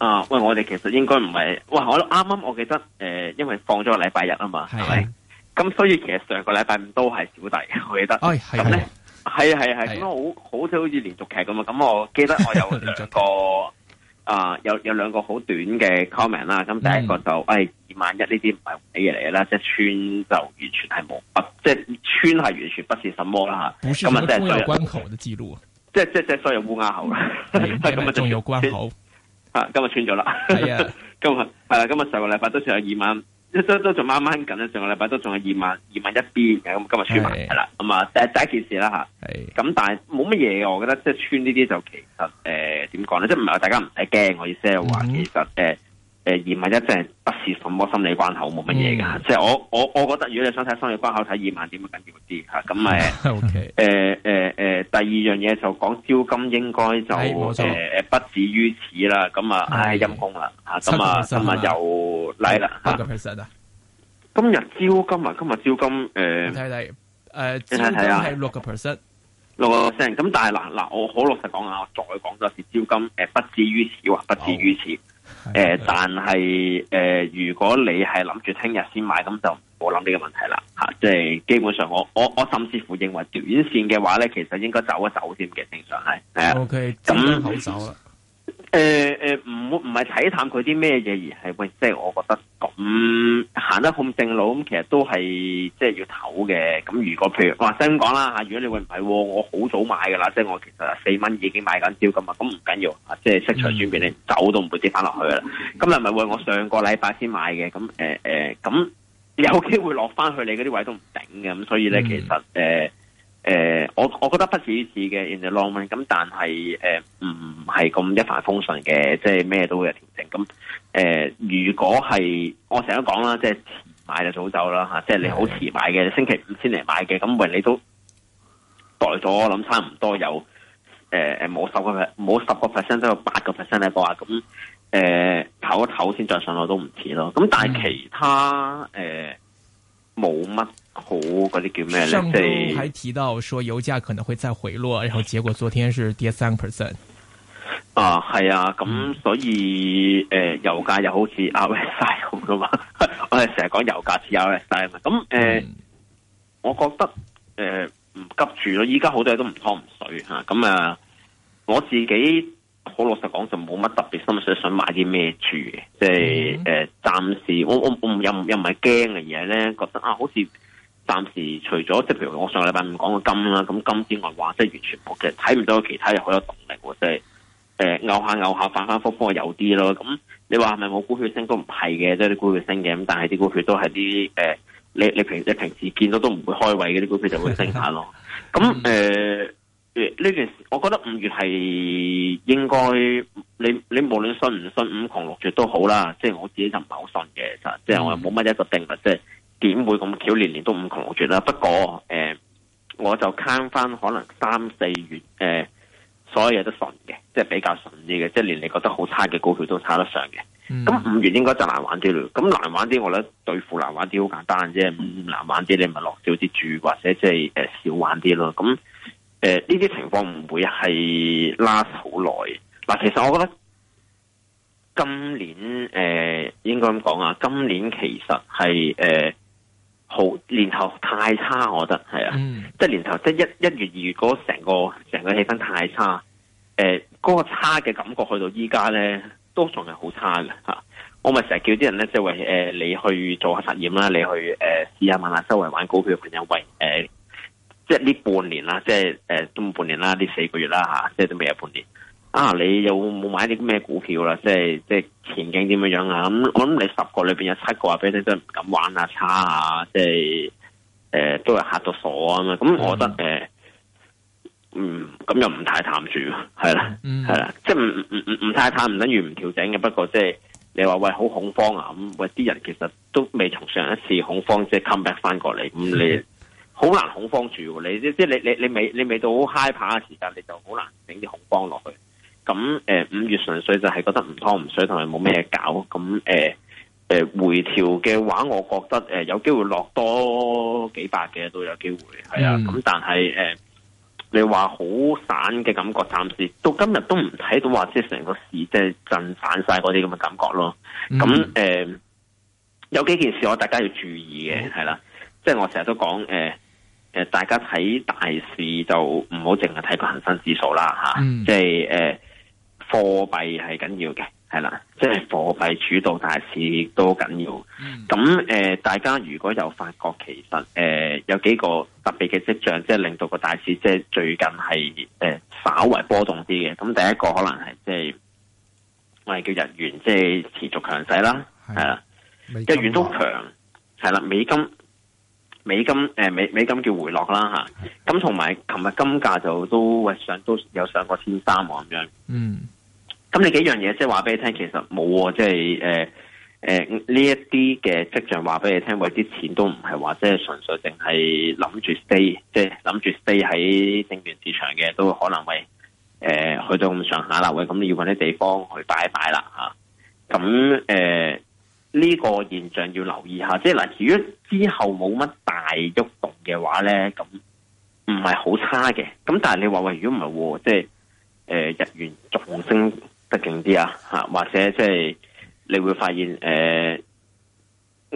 啊喂！我哋其實應該唔係，喂，我啱啱我,我記得，誒、呃，因為放咗個禮拜日啊嘛，係咪？咁所以其實上個禮拜五都係小弟我記得，咁咧係啊係係，咁樣好好似好似連續劇咁啊！咁我記得我有兩個,、呃、有有兩個 comment, 啊，有有兩個好短嘅 comment 啦。咁第一個就，誒、嗯哎，萬一呢啲唔係嘢嚟嘅啦，即、就、係、是、村就完全係冇，即、就、係、是、村係完全不是什麼啦吓。咁啊，重要、嗯、關口嘅記錄，即係即係即係所有烏鴉口啊，重要、嗯、關口。啊！ 今日穿咗啦，今日係啦，今日上個禮拜都仲有二萬，都仲啱啱緊啦，上個禮拜都仲有二萬二萬一邊，咁今日穿埋係啦，咁啊第第一件事啦吓，咁是的 但係冇乜嘢嘅，我覺得即係穿呢啲就其實誒點講咧，即係唔係話大家唔使驚，我意思係話、嗯、其實誒。呃誒，二萬一正不是什麼心理關口，冇乜嘢嘅。即係我我我覺得，如果你想睇心理關口，睇二萬點咪緊要啲吓。咁誒誒誒誒，第二樣嘢就講招金，應該就誒不止於此啦。咁啊，唉陰功啦吓。咁啊，今日又嚟啦，八個 percent 啊。今日招金啊，今日招金誒，睇睇誒，招金係六個 percent，六個 percent。咁但係嗱嗱，我好老實講啊，我再講多次，招金誒不止於此，話不止於此。誒、呃，但係誒、呃，如果你係諗住聽日先買，咁就冇諗呢個問題啦吓，即、啊、係、就是、基本上我我我甚至乎認為短線嘅話咧，其實應該走一走先嘅，正常係係啊。咁好 Okay,、嗯、走啦、啊。誒誒、呃，唔唔係睇淡佢啲咩嘢而係，喂，即、就、係、是、我覺得。咁行、嗯、得控正路，咁其實都係即係要唞嘅。咁如果譬如話，我咁講啦嚇，如果你會唔係喎，我好早買噶啦，即係我其實四蚊已經買緊招噶嘛。咁唔緊要，即係色彩轉變你，mm hmm. 走都唔會跌翻落去噶啦。咁你係咪會我上個禮拜先買嘅？咁誒誒，咁、呃呃、有機會落翻去你嗰啲位都唔頂嘅。咁所以咧，mm hmm. 其實誒。呃誒、呃，我我覺得不止於此嘅 in the long run 咁但係誒唔係咁一帆風順嘅，即係咩都會有調整。咁、呃、誒，如果係我成日都講啦，即係遲買就早走啦吓、啊，即係你好遲買嘅星期五先嚟買嘅，咁唔你都待咗，我諗差唔多有誒誒，冇、呃、十個 percent 冇十個 percent、呃、都有八個 percent 嘅話啊。咁誒，唞一唞先再上落都唔遲咯。咁但係其他誒冇乜。呃好嗰啲叫咩咧？上晝還提到說油價可能會再回落，然後結果昨天是跌三個 percent。啊，係啊，咁所以誒，油價又好似 RSI 咁噶嘛，我哋成日講油價似 RSI 嘛，咁誒，我覺得誒唔急住咯，依家好多嘢都唔慌唔水吓，咁啊，我自己好老實講就冇乜特別心水想買啲咩住嘅，即係誒，暫時我我我又又唔係驚嘅嘢咧，覺得啊，好似。暫時除咗即譬如，我上個禮拜五講嘅金啦，咁金之外，話即係完全冇嘅。睇唔到其他有好多動力喎，即係誒拗下拗下反反覆覆，有啲咯。咁、嗯、你話係咪冇股票升都唔係嘅，即係啲股票升嘅，咁但係啲股票都係啲誒，你你平你平時見到都唔會開胃嘅啲股票就會升下咯。咁誒， 呢、呃、件事我覺得五月係應該你你無論信唔信五窮六絕都好啦，即係我自己就唔係好信嘅、嗯，即係即係我冇乜一個定論即係。點會咁巧，年年都五窮六絕啦？不過誒、呃，我就慳翻，可能三四月誒、呃，所有嘢都順嘅，即係比較順啲嘅，即係連你覺得好差嘅股票都差得上嘅。咁五、嗯、月應該就難玩啲咯。咁難玩啲，我覺得對付難玩啲好簡單啫、嗯。難玩啲，你咪落少啲注，或者即係誒少玩啲咯。咁誒呢啲情況唔會係 last 好耐。嗱、呃，其實我覺得今年誒、呃、應該咁講啊，今年其實係誒。呃好年頭太差，我覺得係啊，即係 年頭，即係一一月二月嗰成個成個氣氛太差，誒、呃，嗰、那個差嘅感覺去到依家咧，都仲係好差嘅吓、啊。我咪成日叫啲人咧，即、就、係、是、為誒、呃、你去做下實驗啦，你去誒、呃、試下問下周圍玩股票嘅朋友，喂，誒、呃、即係呢半年啦，即係誒都半年啦，呢四個月啦吓、啊，即係都未有半年。啊！你有冇買啲咩股票啦？即係即係前景點樣樣啊？咁、嗯、我諗你十個裏邊有七個話俾你都唔敢玩啊，差啊！即係誒、呃，都係吓到傻啊嘛！咁我覺得誒、嗯呃，嗯，咁又唔太淡住，係啦，係啦，即係唔唔唔唔太淡，唔等於唔調整嘅。不過即係你話喂，好恐慌啊！咁、嗯、喂，啲人其實都未從上一次恐慌即係 come back 翻過嚟，咁、嗯、你好難恐慌住。你即即係你你你，你，你未你未到好 high panic 嘅時間，你就好難整啲恐慌落去。咁誒，五、呃、月純粹就係覺得唔湯唔水，同埋冇咩搞。咁誒誒，回調嘅話，我覺得誒、呃、有機會落多幾百嘅都有機會，係啊。咁、嗯、但係誒、呃，你話好散嘅感覺，暫時到今日都唔睇到話，即係成個市即係震散晒嗰啲咁嘅感覺咯。咁誒、嗯呃，有幾件事我大家要注意嘅係啦，即係我成日都講，誒、呃、誒、呃，大家睇大市就唔好淨係睇個恒生指數啦，吓、啊，即係誒。貨幣係緊要嘅，係啦，即係貨幣主導大市亦都緊要。咁誒、嗯呃，大家如果有發覺其實誒、呃、有幾個特別嘅跡象，即、就、係、是、令到個大市即係最近係誒、呃、稍為波動啲嘅。咁第一個可能係即係我哋叫日元即係持續強勢啦，係啦，日元都強，係啦嗎，美金美金誒美美金叫回落啦嚇。咁同埋琴日金價就都上都有上過千三喎咁樣，嗯。咁你幾樣嘢即係話俾你聽，其實冇喎，即係誒誒呢一啲嘅跡象話俾你聽，喂啲錢都唔係話即係純粹淨係諗住 stay，即係諗住 stay 喺證券市場嘅，都可能喂誒、呃、去到咁上下啦，喂，咁你要揾啲地方去擺擺啦嚇。咁誒呢個現象要留意下，即係嗱、呃，如果之後冇乜大喐動嘅話咧，咁唔係好差嘅。咁但係你話喂、呃，如果唔係、哦、即係誒、呃、日元重升。得勁啲啊！嚇，或者即係你會發現，誒、呃、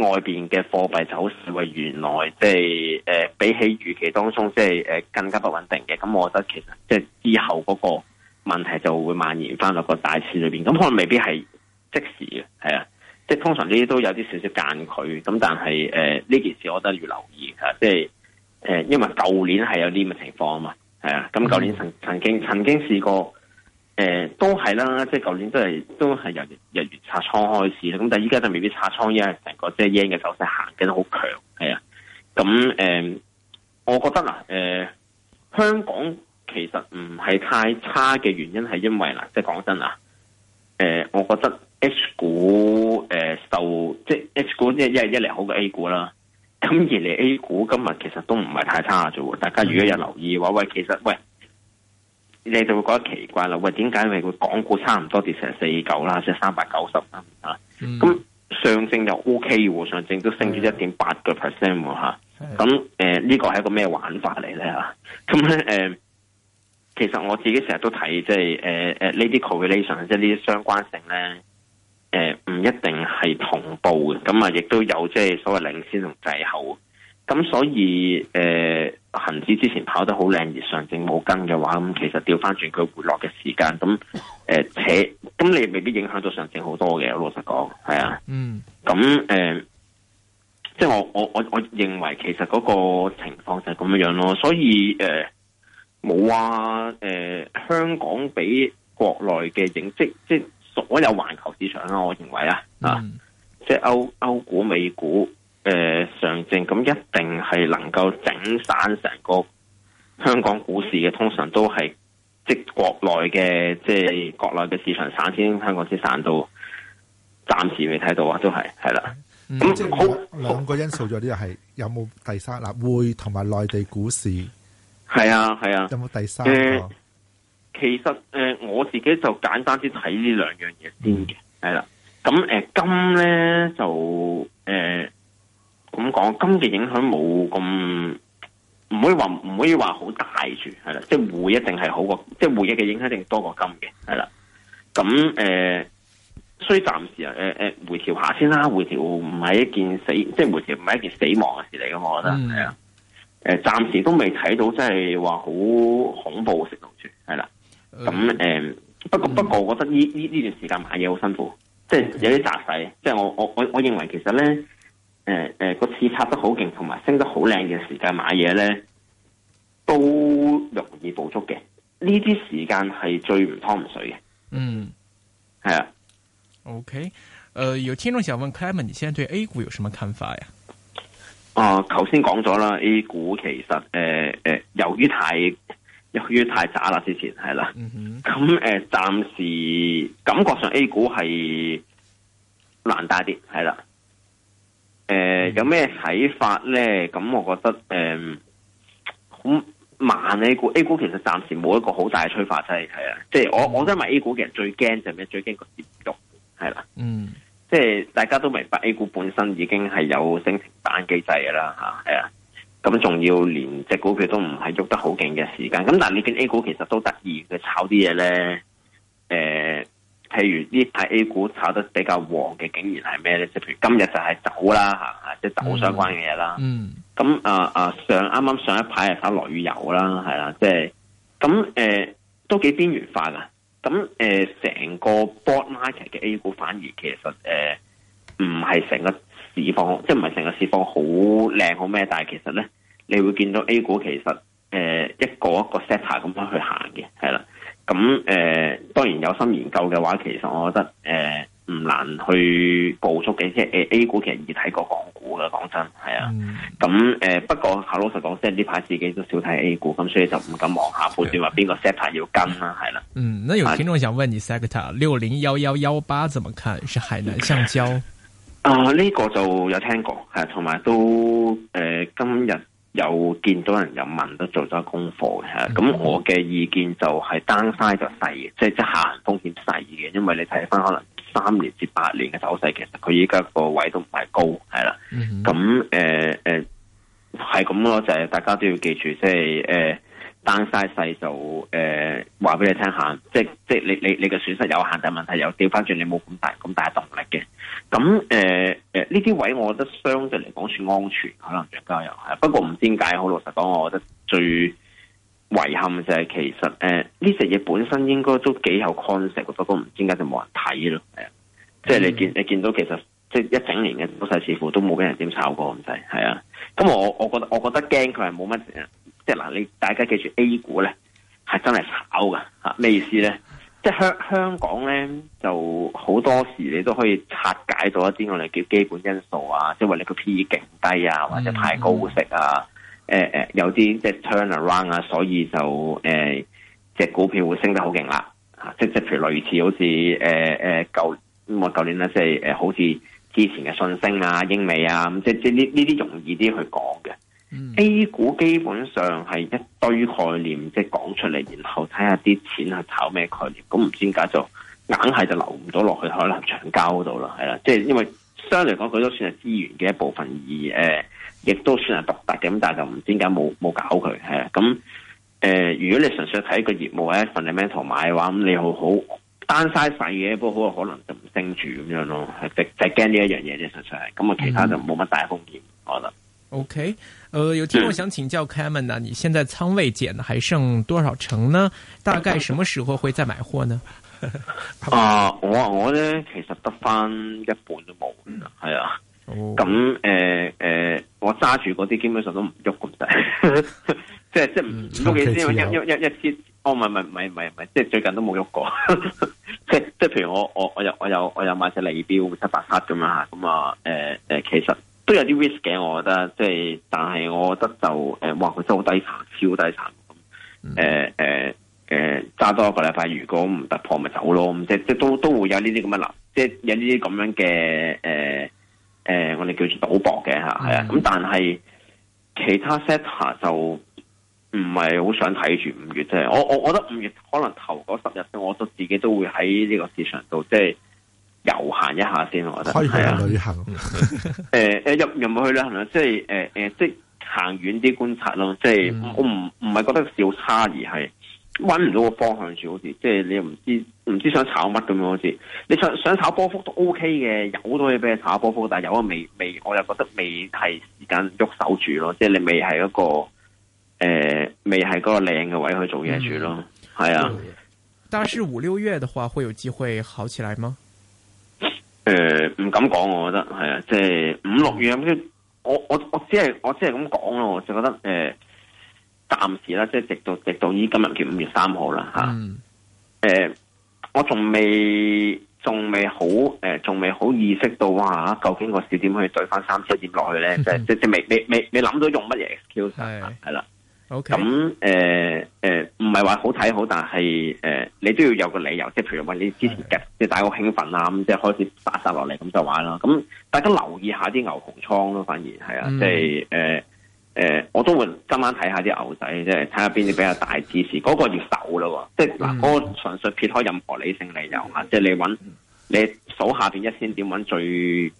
外邊嘅貨幣就好似喂，原來即係誒比起預期當中、就是，即係誒更加不穩定嘅。咁我覺得其實即係之後嗰個問題就會蔓延翻落個大市裏邊。咁可能未必係即時嘅，係啊，即、就、係、是、通常呢啲都有啲少少間距。咁但係誒呢件事，我覺得要留意吓，即係誒，因為舊年係有呢咁嘅情況啊嘛，係啊。咁舊年曾曾經曾經試過。誒、呃，都係啦，即係舊年都係都係由日圓拆倉開始啦，咁但係依家就未必拆倉，因為成個即係 Yen 嘅走勢行緊好強，係啊，咁誒、呃，我覺得啦，誒、呃，香港其實唔係太差嘅原因係因為啦，即係講真啊，誒、呃，我覺得 H 股誒、呃、受即係 H 股一一日一嚟好過 A 股啦，咁而嚟 A 股今日其實都唔係太差啫，大家如果有留意嘅話，喂，其實喂。你哋就會覺得奇怪啦，喂，點解佢個港股差唔多跌成四九啦，即係三百九十啦嚇？咁、啊嗯啊、上證又 OK 喎，上證都升咗一點八個 percent 喎。咁誒呢個係一個咩玩法嚟咧嚇？咁咧誒，其實我自己成日都睇即係誒誒呢啲 correlation，即係呢啲相關性咧，誒、呃、唔一定係同步嘅，咁啊亦都有即係所謂領先同滯後。咁所以，誒、呃，恒指之，之前跑得好靚，而上證冇跟嘅話，咁其實調翻轉佢回落嘅時間，咁誒、呃、且，咁你未必影響到上證好多嘅。老實講，係啊，嗯，咁誒、呃，即係我我我我認為其實嗰個情況就係咁樣樣咯。所以誒，冇、呃、啊，誒、呃，香港比國內嘅影，即即所有環球市場啦、啊，我認為啊，啊，嗯、即係歐歐股、美股。誒、呃，上證咁一定係能夠整散成個香港股市嘅，通常都係即係國內嘅，即係國內嘅市場散先，香港先散到，暫時未睇到啊，都係係啦。咁、嗯嗯、即係好兩個因素咗，啲，個係有冇第三立、嗯、會同埋內地股市係啊係啊，有冇第三個？其實誒，我自己就簡單啲睇呢兩樣嘢先嘅，係啦、嗯。咁誒，金咧就誒。咁講金嘅影響冇咁，唔可以話唔可以話好大住係啦，即係匯一定係好過，即係匯一嘅影響一定多過金嘅係啦。咁誒、嗯，所以暫時啊，誒、嗯、誒回調下先啦，回調唔係一件死，即係回調唔係一件死亡嘅事嚟嘅，我覺得係啊。誒、嗯，暫、嗯嗯、時都未睇到，即係話好恐怖嘅程度住係啦。咁誒、嗯嗯嗯，不過不過，我覺得呢呢呢段時間買嘢好辛苦，即係、嗯、有啲紮勢。即係我我我我認為其實咧。誒誒，個、呃呃、刺插得好勁，同埋升得好靚嘅時間買嘢咧，都容易捕捉嘅。呢啲時間係最唔湯唔水嘅。嗯，係啊。OK，誒、呃，有聽眾想問 Clement，你現在對 A 股有什麼看法呀、啊？哦、呃，頭先講咗啦，A 股其實誒誒、呃呃，由於太由於太渣啦，之前係啦。咁誒、啊，暫、嗯哼嗯呃、時感覺上 A 股係難大啲，係啦、啊。誒，呃嗯、有咩睇法咧？咁我覺得誒，好、呃、慢 A 股 A 股其實暫時冇一個好大嘅催化劑係啊，即係、就是、我、嗯、我都係 A 股嘅人最驚就係咩？最驚個跌落係啦，嗯，即係大家都明白 A 股本身已經係有升停板機制㗎啦，吓係啊，咁仲要連隻股票都唔係喐得好勁嘅時間，咁但係你見 A 股其實都得意，佢炒啲嘢咧，誒、呃。譬如呢排 A 股炒得比較旺嘅，竟然係咩咧？即譬如今日就係走啦嚇，即係、嗯、走相關嘅嘢啦。嗯，咁啊啊上啱啱上一排係炒旅遊啦，係啦，即係咁誒都幾邊緣化噶。咁誒成個 board market 嘅 A 股反而其實誒唔係成個市況，即係唔係成個市況好靚好咩？但係其實咧，你會見到 A 股其實誒、呃、一個一個 set 下咁樣去行嘅，係啦。咁誒、呃，當然有心研究嘅話，其實我覺得誒唔、呃、難去捕捉嘅，即係誒 A 股其實易睇過港股嘅，講真係啊。咁誒、嗯呃，不過口老實講，即係呢排自己都少睇 A 股，咁、嗯、所以就唔敢妄下判斷話邊個 sector 要跟啦，係啦、啊。嗯，那有聽眾想問你 sector 六零幺幺幺八怎麼看？是海南橡膠。啊、嗯、呢、呃這個就有聽過，係同埋都誒、呃、今日。有見到人又問，都做咗功課嘅。咁、mm hmm. 我嘅意見就係單曬就細嘅，即係即下行風險細嘅，因為你睇翻可能三年至八年嘅走勢，其實佢依家個位都唔係高，係啦。咁誒誒，係咁咯，就係、是、大家都要記住，即係誒。呃單晒細就誒話俾你聽下，即即你你你嘅損失有限，但係問題又調翻轉你冇咁大咁大動力嘅。咁誒誒呢啲位，我覺得相對嚟講算安全，可能長交又係。不過唔知點解，好老實講，我覺得最遺憾就係其實誒呢隻嘢本身應該都幾有 concept，不過唔知點解就冇人睇咯。係啊、嗯，即係你見你見到其實即一整年嘅股市似乎都冇俾人點炒過咁滯，係啊。咁我我覺得我覺得驚佢係冇乜。即係嗱，你大家記住 A 股，咧，係真係炒噶吓，咩意思咧？即係香香港咧就好多時你都可以拆解咗一啲我哋叫基本因素啊，即係話你個 P E 勁低啊，或者太高息啊，誒、呃、誒，有啲即係 turnaround 啊，所以就誒隻、呃、股票會升得好勁啦。即即譬如類似好似誒誒舊咁我舊年咧即係誒好似之前嘅信星啊、英美啊，即即呢呢啲容易啲去講嘅。A 股基本上係一堆概念，即係講出嚟，然後睇下啲錢係炒咩概念，咁唔知點解就硬係就留唔到落去可能長交嗰度啦，係啦，即係因為相對嚟講佢都算係資源嘅一部分，而誒亦、呃、都算係獨特嘅，咁但係就唔知點解冇冇搞佢係，咁誒、嗯呃、如果你純粹睇個業務咧、啊、fundamental 買嘅話，咁你會好好單晒 i z 細嘅，不過好有可能就唔升住咁樣咯，就就驚呢一樣嘢啫，純粹係，咁啊其他就冇乜大風險，我諗。OK，誒、uh,，有聽眾想請教、嗯、Clement 啊，你現在倉位減，還剩多少成呢？大概什麼時候會再買貨呢？啊、uh,，我我咧其實得返一半都冇，係啊，咁誒誒，我揸住嗰啲基本上都唔喐咁滯，即係即係唔喐幾先，一一一一千，哦唔係唔係唔係唔係，即係最近都冇喐過，即係即係譬如我我我有我有我有買隻利標七百克咁樣吓，咁啊誒誒，其實。都有啲 risk 嘅，我覺得，即係，但係我覺得就，誒、呃，話佢真係好低殘，超低殘，誒誒誒，揸、呃呃呃、多一個禮拜，如果唔突破，咪走咯，即即都都會有呢啲咁嘅流，即係有呢啲咁樣嘅，誒誒，我哋叫做賭博嘅嚇，係啊，咁但係其他 sector 就唔係好想睇住五月啫，我我我覺得五月可能頭嗰十日，我都自己都會喺呢個市場度，即係。遊行一下先，我覺得係啊，旅行，誒誒、啊嗯哎、入入，入，入，入去旅行咯，即係誒誒，即係行遠啲觀察咯，即係我唔唔係覺得小差異，係搵唔到個方向住，好似即係你又唔知唔知想炒乜咁樣好似，你想想炒波幅都 OK 嘅，有好多嘢俾你炒波幅，但係有啊未未，我又覺得未係時間喐手住咯，即係你未係一個誒、呃、未係嗰個靚嘅位去做嘢住咯，係、嗯、啊。但係五六月嘅話會有機會好起來嗎？誒，唔、呃、敢講，我覺得係、呃、啊，即係五六月咁樣，我我我只係我只係咁講咯，就覺得誒，暫時啦，即係直到直到依今日至五月三號啦吓。誒，我仲未仲未好誒，仲、呃、未好意識到哇，究竟個市點可以懟翻三千點落去咧、 就是？即係即係未未未未諗到用乜嘢 excuse 係啦。的咁誒誒，唔係話好睇好，但係誒、呃，你都要有個理由，即係譬如話你之前嘅，即係大家好興奮啦，咁即係開始殺殺落嚟，咁就玩啦。咁大家留意下啲牛熊倉咯，反而係啊，即係誒誒，我都會今晚睇下啲牛仔，即係睇下邊啲比較大支持，嗰、那個要守咯。即係嗱，我純、啊那個、粹撇開任何理性理由吓，即、就、係、是、你揾、嗯、你。數下邊一千點揾最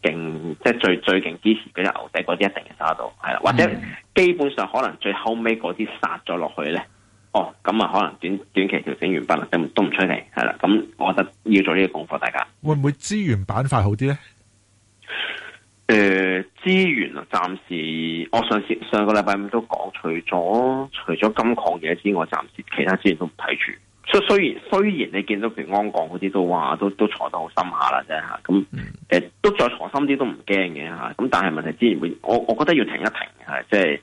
勁，即係最最勁支持嗰隻牛仔，嗰啲一定係揸到，係啦。嗯、或者基本上可能最後尾嗰啲殺咗落去咧，哦，咁啊可能短短期調整完畢啦，都唔都唔出奇，係啦。咁我覺得要做呢個功課，大家會唔會資源板塊好啲咧？誒、呃，資源啊，暫時我上次上個禮拜五都講，除咗除咗金礦嘢之外，暫時其他資源都唔睇住。雖然雖然你見到平安港嗰啲都話都都挫得好深下啦，啫吓，咁誒、嗯、都再挫深啲都唔驚嘅吓，咁但係問題之前會，我我覺得要停一停吓，即係誒、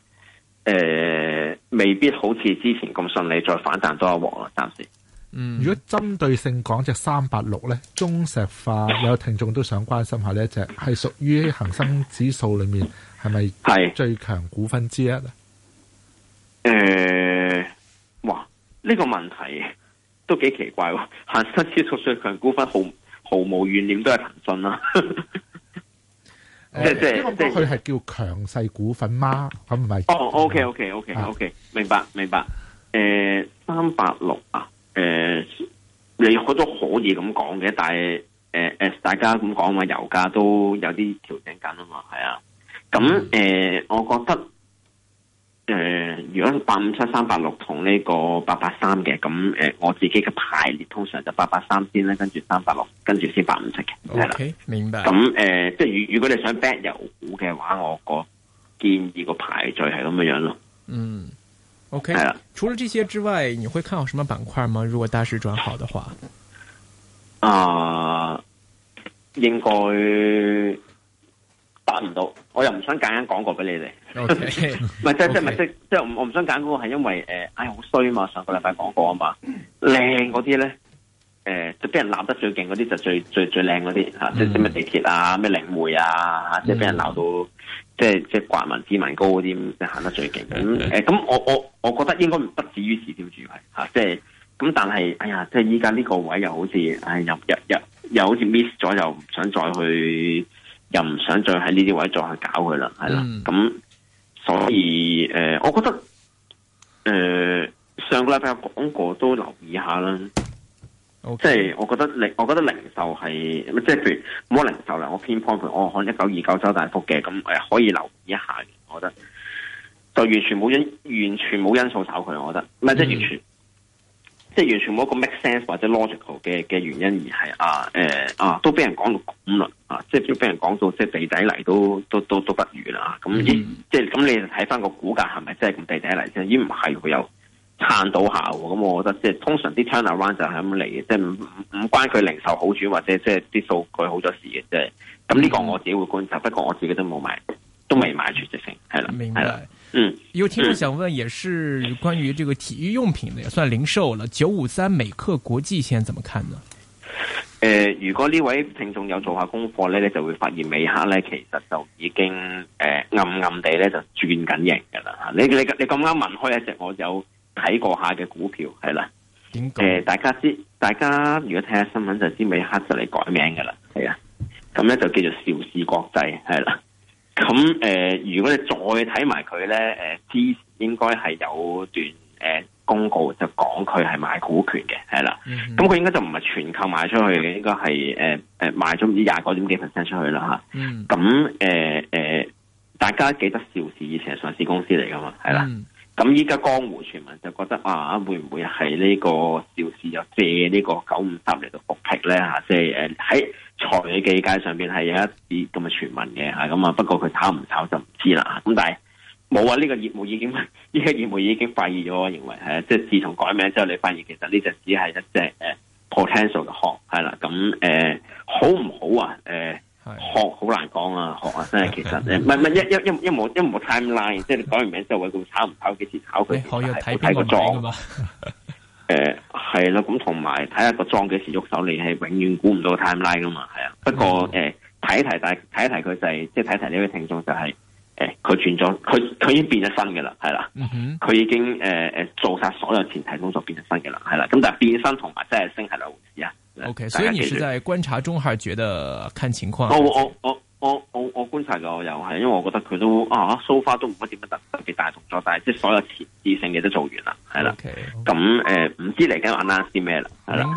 呃、未必好似之前咁順利再反彈多一鑊啦，暫時。嗯，如果針對性講隻三八六咧，中石化有聽眾都想關心下呢一隻係屬於恒生指數裏面係咪係最強股份之一咧？誒、嗯、哇、呃、呢、這個問題。都幾奇怪喎，行新指數最強股份毫毫無怨念都係騰訊啦，即係即係佢係叫強勢股份嗎？咁唔係哦。OK OK OK OK，明白明白。誒，三八六啊，誒、呃，你好多可以咁講嘅，但係誒誒，大家咁講話，油價都有啲調整緊啊嘛，係啊。咁誒、呃，我覺得。誒、呃，如果八五七、三八六同呢個八八三嘅，咁誒，我自己嘅排列通常就八八三先啦，跟住三八六，跟住先八五七嘅，係啦，明白。咁誒，即係如如果你想 back 油股嘅話，我個建議個排序係咁樣樣咯。嗯，OK 的。係啦，除了呢些之外，你會看好什麼板塊嗎？如果大市轉好的話？啊、呃，應該。唔到，我又唔想揀緊廣告俾你哋。唔 Okay. Okay. 即係即係唔係即即我唔想揀嗰、嗰個係因為誒，哎好衰嘛，上個禮拜廣告啊嘛、mm. 靚嗰啲咧誒，就俾人鬧得最勁嗰啲就最最最靚嗰啲嚇，即係咩地鐵啊、咩領匯啊、mm. 即係俾人鬧到即係即係刮民脂民膏嗰啲，即行得最勁咁誒，咁我我我，我覺得應該不止於市調住圍嚇，即係咁，但係哎呀，即係依家呢個位又好似哎入入入又好似 miss 咗又唔想再去。又唔想再喺呢啲位再去搞佢啦，係啦、嗯，咁所以誒、呃，我覺得誒、呃、上個禮拜講過都留意下啦，即係 Okay. 我，我覺得零，我覺得零售係，即係譬如冇零售啦，我偏 point 我可能一九二九周大福嘅。咁誒、呃、可以留意一下，我覺得就完全冇因，完全冇因素炒佢，我覺得，唔係即係完全。嗯即係完全冇一個 make sense 或者 logical 嘅嘅原因，而係啊誒啊都俾人講到咁啦啊！即、呃、係都係俾人講到即係、啊呃、地底嚟都都都都不如啦！咁即係咁你睇翻個股價係咪真係咁地底嚟先？依唔係會有撐到下？咁、啊、我覺得即係通常啲 turnaround 就係咁嚟嘅，即係唔唔關佢零售好轉或者即係啲數據好多事嘅，即係咁呢個我自己會觀察，不過我自己都冇買，都未買住只升，係啦白，係啦，嗯。有聽眾想問，也是關於這個體育用品的，也算零售了。九五三美克國際，現怎麼看呢？誒、呃，如果呢位聽眾有做下功課呢，你就會發現美克呢，其實就已經誒、呃、暗暗地呢，就轉緊型噶啦。你你你咁啱問開一隻，我有睇過下嘅股票係啦。點？誒、呃，大家知，大家如果睇下新聞就知美克就嚟改名噶啦，係啊。咁呢，就叫做邵氏國際，係啦。咁誒、呃，如果你再睇埋佢咧，誒、呃，之前應該係有段誒、呃、公告，就講佢係賣股權嘅，係啦。咁佢、mm hmm. 應該就唔係全購買出去嘅，應該係誒誒賣咗唔知廿九點幾 percent 出去啦吓。咁誒誒，大家記得邵氏以前係上市公司嚟噶嘛？係啦。咁依家江湖傳聞就覺得啊，會唔會係呢個邵氏借個就借呢個九五三嚟到復辟咧吓？即係誒喺。財技界上邊係有一啲咁嘅傳聞嘅吓，咁啊，不過佢炒唔炒就唔知啦。咁但係冇啊，呢、這個業務已經呢、這個業務已經廢熱咗。我認為係即係自從改名之後，你發現其實呢只只係一隻誒 potential 嘅殼，係、呃、啦。咁誒、嗯呃、好唔好啊？誒殼好難講啊，殼啊真係其實誒，唔係唔係一一一一冇一冇 timeline，即係你改完名之後會會炒唔炒幾時炒佢？睇個狀 誒，係咯，呃，咁同埋睇下個莊幾時喐手，你係永遠估唔到 timeline 噶嘛，係啊。不過誒，睇、呃、一睇大，睇一睇佢就係、是，即係睇一睇呢位聽眾就係、是，誒、呃，佢轉咗，佢佢已經變咗身噶啦，係啦，佢、嗯、哼已經誒誒、呃、做晒所有前提工作變咗身噶啦，係啦。咁但係變身是是同埋即係升係兩回事啊。O Okay , K，所以你是在觀察中，還是覺得看情況？O O O。我我我觀察過，我又係，因為我覺得佢都啊，so far 都唔乜點乜特特別大動作，但係即係所有前置性嘅都做完啦，係啦。咁誒 Okay.、嗯，唔知嚟緊玩啱啲咩啦，係、嗯、啦。